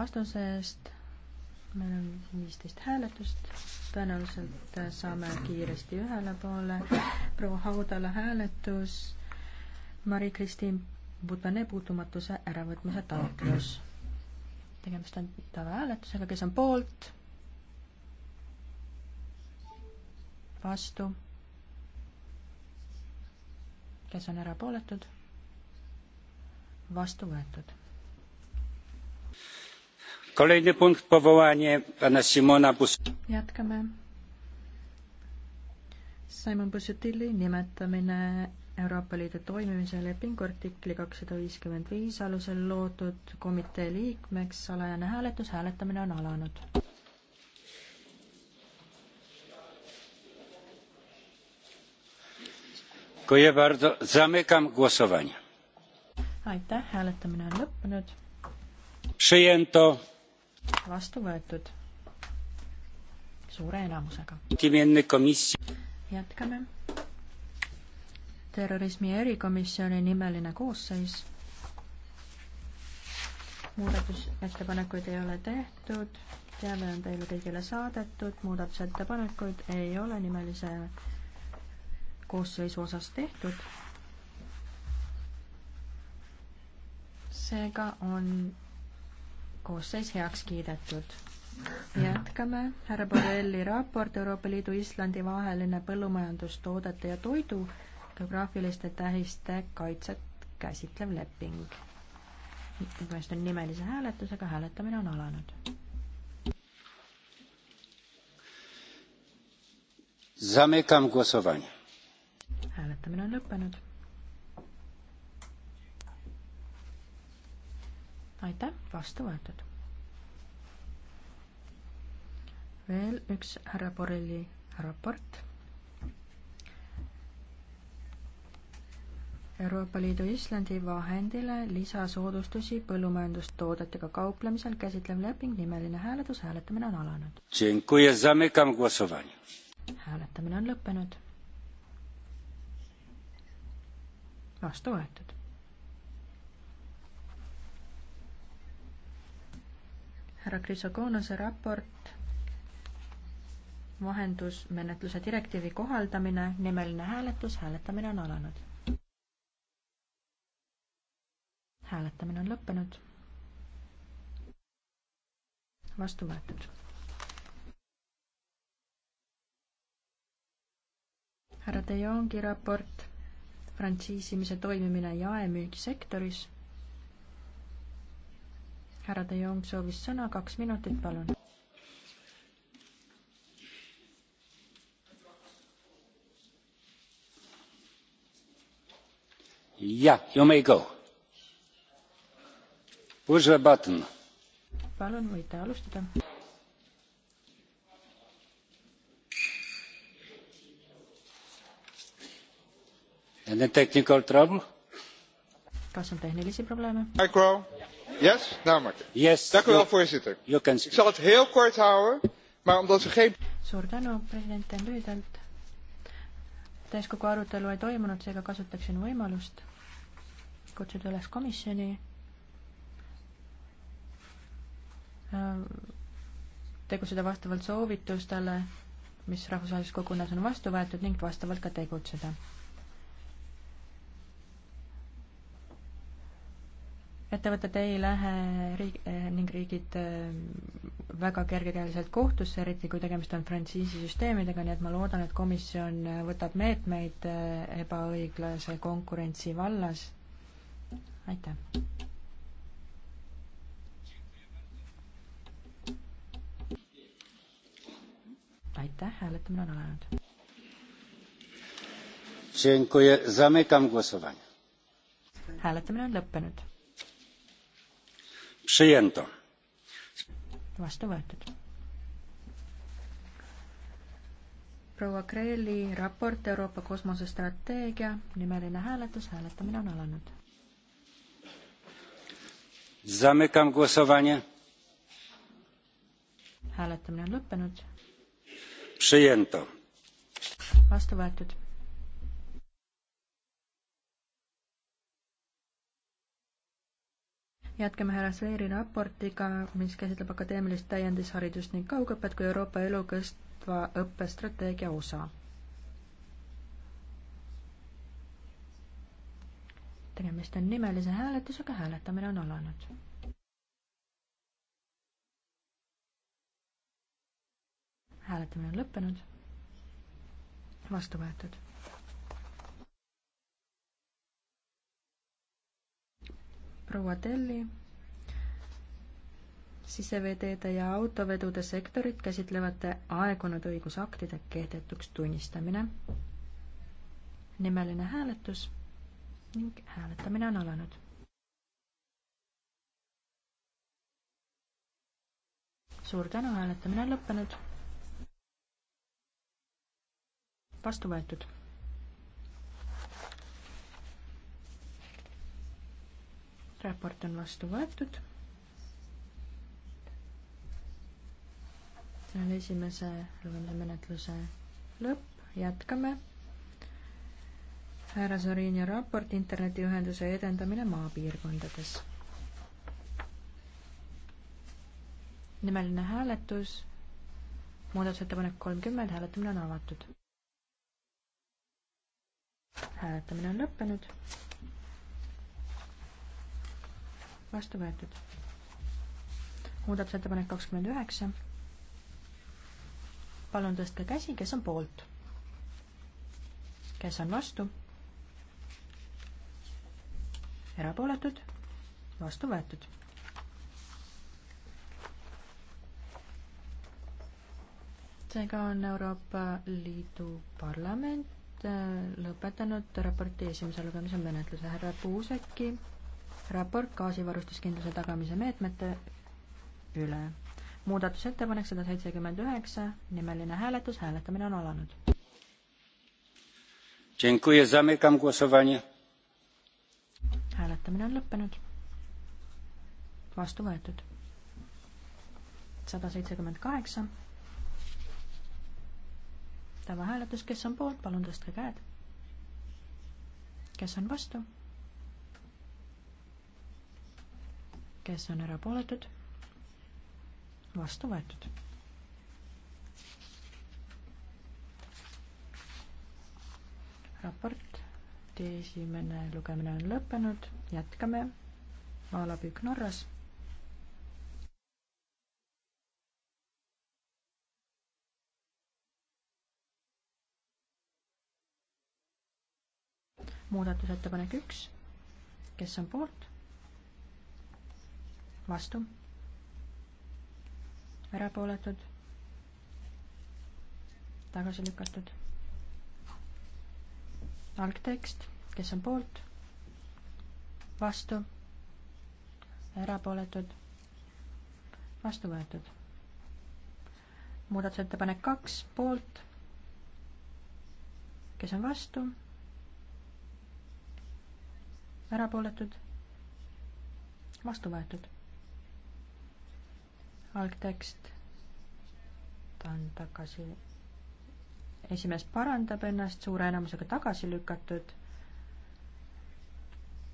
vastuse eest. meil on viisteist hääletust, tõenäoliselt saame kiiresti ühele poole. proua Haudala hääletus, Mari-Kristiin Butane puutumatuse äravõtmise taotlus. tegemist on tavahääletusega, kes on poolt? vastu? kes on erapooletud? vastu võetud kolejny punkt powołanie pana simona jätkame Simon Busutili nimetamine Euroopa Liidu toimimise lepingu artikli kakssada viiskümmend viis alusel loodud komitee liikmeks salajane hääletus, hääletamine on alanud. aitäh, hääletamine on lõppenud vastu võetud suure enamusega. jätkame. terrorismi erikomisjoni nimeline koosseis. muudatusettepanekuid ei ole tehtud, teave on teile kõigile saadetud, muudatusettepanekuid ei ole nimelise koosseisu osas tehtud. seega on koosseis heaks kiidetud. jätkame härra Borrelli raport Euroopa Liidu Islandi vaheline põllumajandustoodete ja toidu geograafiliste tähiste kaitset käsitlev leping. tegemist on nimelise hääletusega, hääletamine on alanud. hääletamine on lõppenud aitäh, vastu võetud. veel üks härra Borrelli raport. Euroopa Liidu Islandi vahendile lisasoodustusi põllumajandustoodetega kauplemisel käsitlev leping, nimeline hääletus, hääletamine on alanud. hääletamine on lõppenud. vastu võetud härra Krisokoonase raport vahendusmenetluse direktiivi kohaldamine, nimeline hääletus, hääletamine on alanud. hääletamine on lõppenud. vastu võetud. härra De Jongi raport, frantsiisimise toimimine jaemüügisektoris härra De Jong soovis sõna, kaks minutit, palun. Yeah, you may go. Push the button. palun, võite alustada. Any technical trouble? kas on tehnilisi probleeme? voorzitter ik zal het heel kort houden maar omdat er geen. suur tänu president teen lühidalt täiskogu arutelu ei toimunud seega kasutaksin võimalust kutsuda üles komisjoni ähm, tegutseda vastavalt soovitustele mis rahvusvahelises kogunes on vastu võetud ning vastavalt ka tegutseda. ettevõtted ei lähe riik- eh, ning riigid eh, väga kergekäeliselt kohtusse, eriti kui tegemist on frantsiisisüsteemidega, nii et ma loodan, et komisjon võtab meetmeid eh, ebaõiglase konkurentsi vallas. aitäh. aitäh, hääletamine on alanud. hääletamine on lõppenud vastu võetud. proua Kreeli raport Euroopa kosmosestrateegia, nimeline hääletus, hääletamine on alanud. Zamykam głosowanie. Hääletamine on lõppenud. Przyjęto. Vastu võetud. jätkame härra Seeri raportiga, mis käsitleb akadeemilist täiendisharidust ning kaugõpet kui Euroopa elukestva õppestrateegia osa. tegemist on nimelise hääletusega, hääletamine on alanud. hääletamine on lõppenud. vastu võetud proua Telli. siseveeteede ja autovedude sektorit käsitlevate aegunud õigusaktide kehtetuks tunnistamine. nimeline hääletus ning hääletamine on alanud. suur tänu, hääletamine on lõppenud. vastu võetud raport on vastu võetud. see on esimese lugemise menetluse lõpp, jätkame. härra Sorini raport internetiühenduse edendamine maapiirkondades. nimeline hääletus, muudatusettepanek kolmkümmend, hääletamine on avatud. hääletamine on lõppenud vastu võetud. muudatusettepanek kakskümmend üheksa. palun tõstke käsi, kes on poolt. kes on vastu? erapooletud, vastu võetud. seega on Euroopa Liidu parlament äh, lõpetanud raporti esimese lugemise menetluse. härra Puuseki raport gaasivarustuskindluse tagamise meetmete üle. muudatusettepanek sada seitsekümmend üheksa, nimeline hääletus, hääletamine on alanud. hääletamine on lõppenud. vastu võetud. sada seitsekümmend kaheksa. tavahääletus, kes on poolt, palun tõstke käed. kes on vastu? kes on erapooletud, vastu võetud. raporti esimene lugemine on lõppenud, jätkame. maalapükk Norras muudatusettepanek üks, kes on poolt, vastu, erapooletud, tagasi lükatud. algtekst, kes on poolt, vastu, erapooletud, vastu võetud. muudatusettepanek kaks, poolt, kes on vastu, erapooletud, vastu võetud algtekst. ta on tagasi, esimees parandab ennast, suure enamusega tagasi lükatud.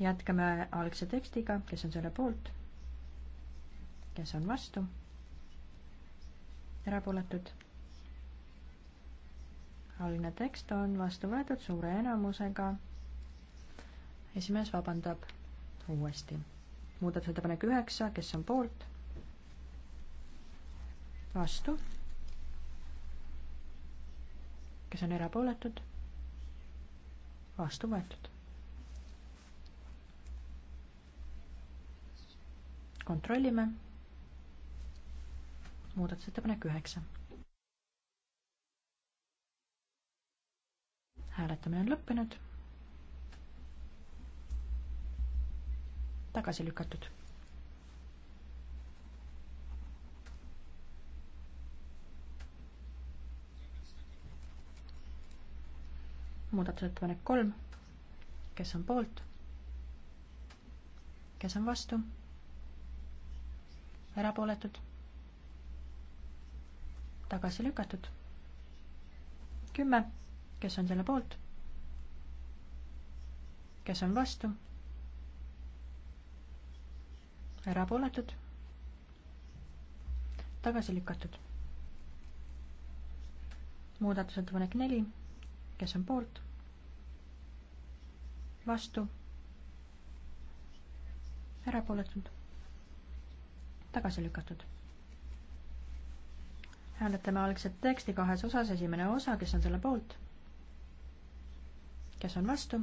jätkame algse tekstiga, kes on selle poolt, kes on vastu, erapooletud. algne tekst on vastu võetud suure enamusega. esimees vabandab uuesti. muudatusettepanek üheksa, kes on poolt vastu, kes on erapooletud, vastu võetud. kontrollime. muudatusettepanek üheksa. hääletamine on lõppenud. tagasi lükatud muudatusettepanek kolm, kes on poolt? kes on vastu? erapooletud? tagasi lükatud? kümme, kes on selle poolt? kes on vastu? erapooletud? tagasi lükatud? muudatusettepanek neli, kes on poolt? vastu, erapooletud, tagasi lükatud. hääletame algset teksti kahes osas, esimene osa, kes on selle poolt, kes on vastu,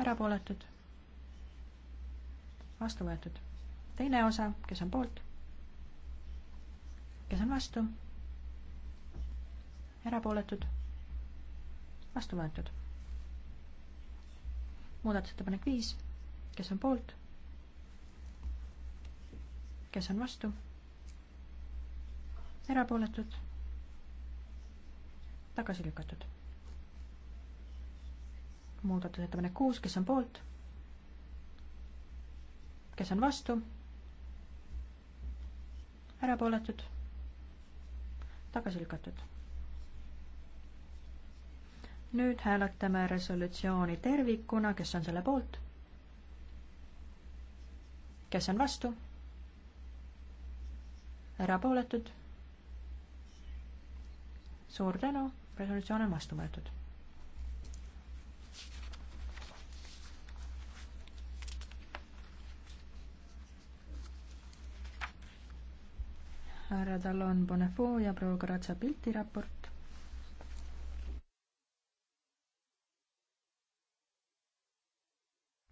erapooletud, vastu võetud. teine osa, kes on poolt, kes on vastu, erapooletud, vastu võetud muudatusettepanek viis, kes on poolt? kes on vastu? erapooletud? tagasi lükatud. muudatusettepanek kuus, kes on poolt? kes on vastu? erapooletud? tagasi lükatud nüüd hääletame resolutsiooni tervikuna, kes on selle poolt? kes on vastu? erapooletud? suur tänu, resolutsioon on vastu võetud. härra Talon Bonifoo ja proua Karatsa pilti raport.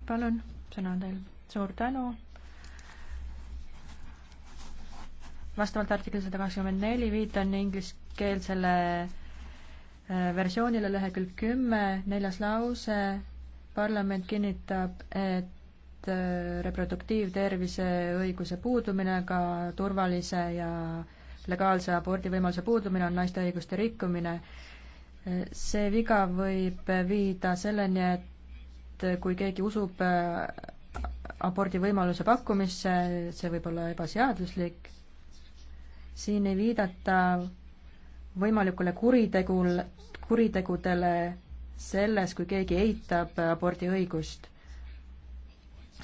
palun, sõna on teil. suur tänu. vastavalt artikli sada kakskümmend neli viitan ingliskeelsele äh, versioonile lehekülg kümme, neljas lause. parlament kinnitab, et äh, reproduktiivtervise õiguse puudumine, ka turvalise ja legaalse abordi võimaluse puudumine on naiste õiguste rikkumine. Äh, see viga võib viida selleni, et et kui keegi usub äh, abordi võimaluse pakkumisse, see võib olla ebaseaduslik, siin ei viidata võimalikule kuritegul, kuritegudele selles, kui keegi eitab abordiõigust.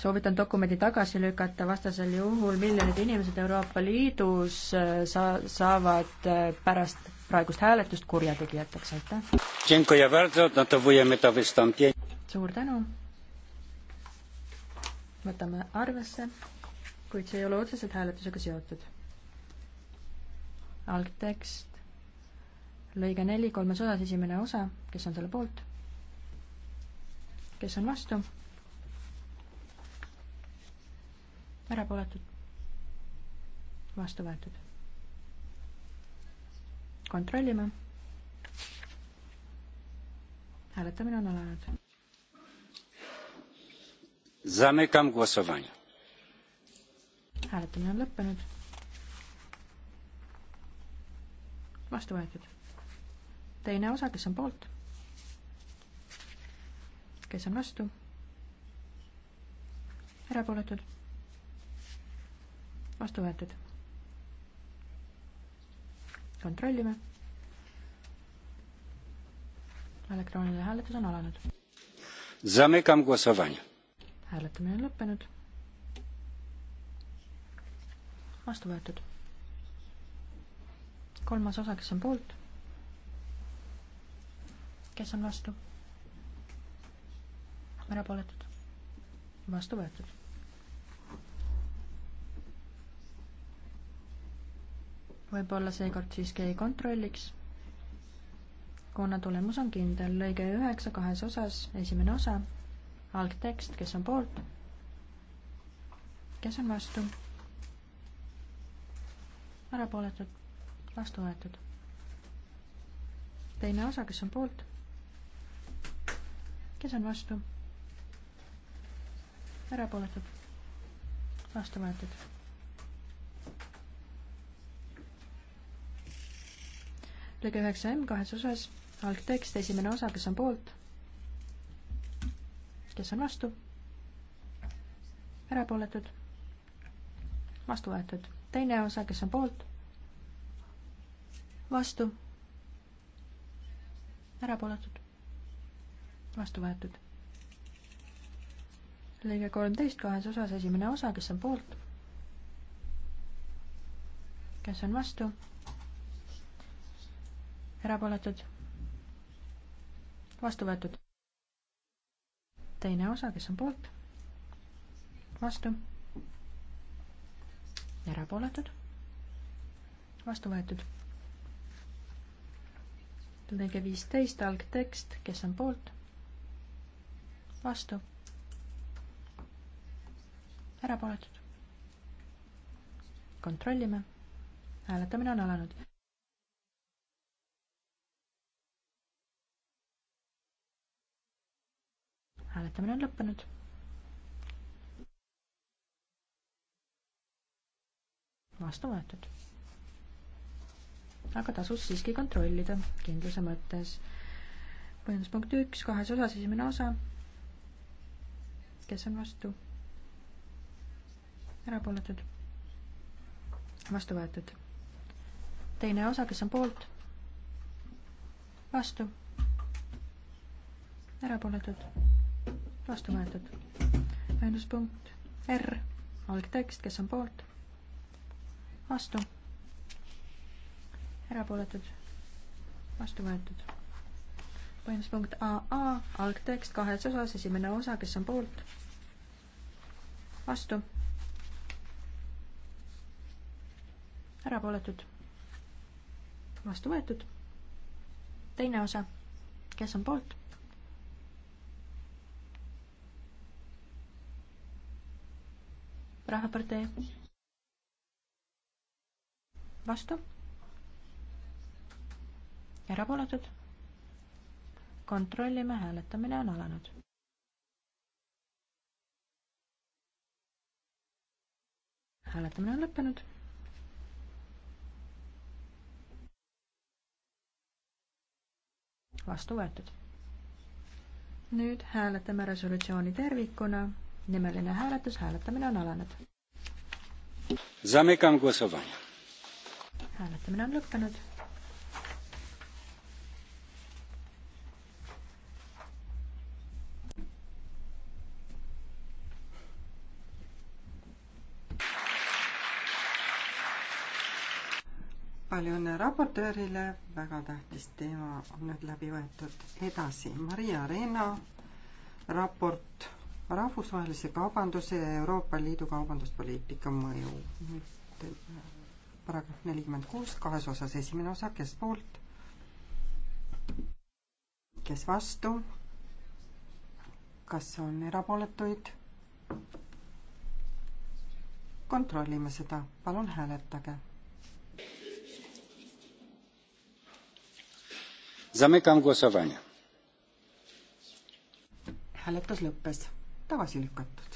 soovitan dokumendi tagasi lükata, vastasel juhul miljonid inimesed Euroopa Liidus äh, saa-, saavad äh, pärast praegust hääletust kurjategijateks, aitäh! suur tänu. võtame arvesse, kuid see ei ole otseselt hääletusega seotud. algtekst, lõige neli, kolmes osas, esimene osa, kes on selle poolt? kes on vastu? erapooletud? vastu võetud. kontrollime. hääletamine on alanud. Zamykam głosowanie. hääletamine on lõppenud. vastu võetud. teine osa, kes on poolt? kes on vastu? erapooletud? vastu võetud. kontrollime. elektrooniline hääletus on alanud. Zamykam głosowanie hääletamine on lõppenud. vastu võetud. kolmas osa, kes on poolt? kes on vastu? erapooletud? vastu võetud võib-olla seekord siiski ei kontrolliks. kuna tulemus on kindel, lõige üheksa kahes osas, esimene osa, algtekst, kes on poolt, kes on vastu, erapooletud, vastu võetud. teine osa, kes on poolt, kes on vastu, erapooletud, vastu võetud. lõige üheksa M kahes osas, algtekst, esimene osa, kes on poolt kes on vastu? erapooletud? vastu võetud. teine osa, kes on poolt? vastu? erapooletud? vastu võetud. lõige kolmteist kahes osas, esimene osa, kes on poolt? kes on vastu? erapooletud? vastu võetud teine osa, kes on poolt, vastu, erapooletud, vastu võetud. lõige viisteist, algtekst, kes on poolt, vastu, erapooletud. kontrollime, hääletamine on alanud hääletamine on lõppenud. vastu võetud. aga tasus siiski kontrollida kindluse mõttes. põhjendus punkt üks, kahes osas esimene osa. kes on vastu? erapooletud. vastu võetud. teine osa, kes on poolt? vastu. erapooletud vastu võetud. ühenduspunkt R, algtekst, kes on poolt? vastu. erapooletud, vastu võetud. põhjenduspunkt AA, algtekst kahes osas, esimene osa, kes on poolt? vastu. erapooletud, vastu võetud. teine osa, kes on poolt? Rahvapartei. vastu. erapooletud. kontrollime, hääletamine on alanud. hääletamine on lõppenud vastu võetud. nüüd hääletame resolutsiooni tervikuna nimeline hääletus, hääletamine on alanud. Zamykam głosowanie. Hääletamine on lõppenud. palju õnne raportöörile, väga tähtis teema on nüüd läbi võetud. edasi, Maria Reena raport rahvusvahelise kaubanduse ja Euroopa Liidu kaubanduspoliitika mõju. nüüd äh, paragrahv nelikümmend kuus, kahes osas esimene osa, kes poolt, kes vastu, kas on erapooletuid? kontrollime seda, palun hääletage. Zamykam głosowanie. Hääletus lõppes tagasi lükatud.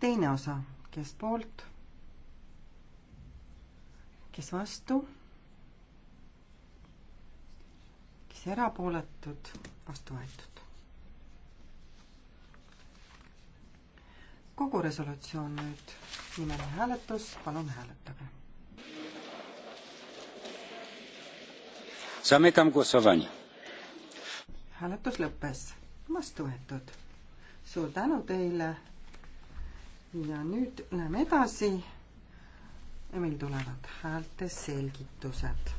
teine osa, kes poolt, kes vastu, kes erapooletud, vastu võetud. kogu resolutsioon nüüd, nimeline hääletus, palun hääletage. hääletus lõppes, vastu võetud suur tänu teile. ja nüüd läheme edasi. meil tulevad häälte selgitused.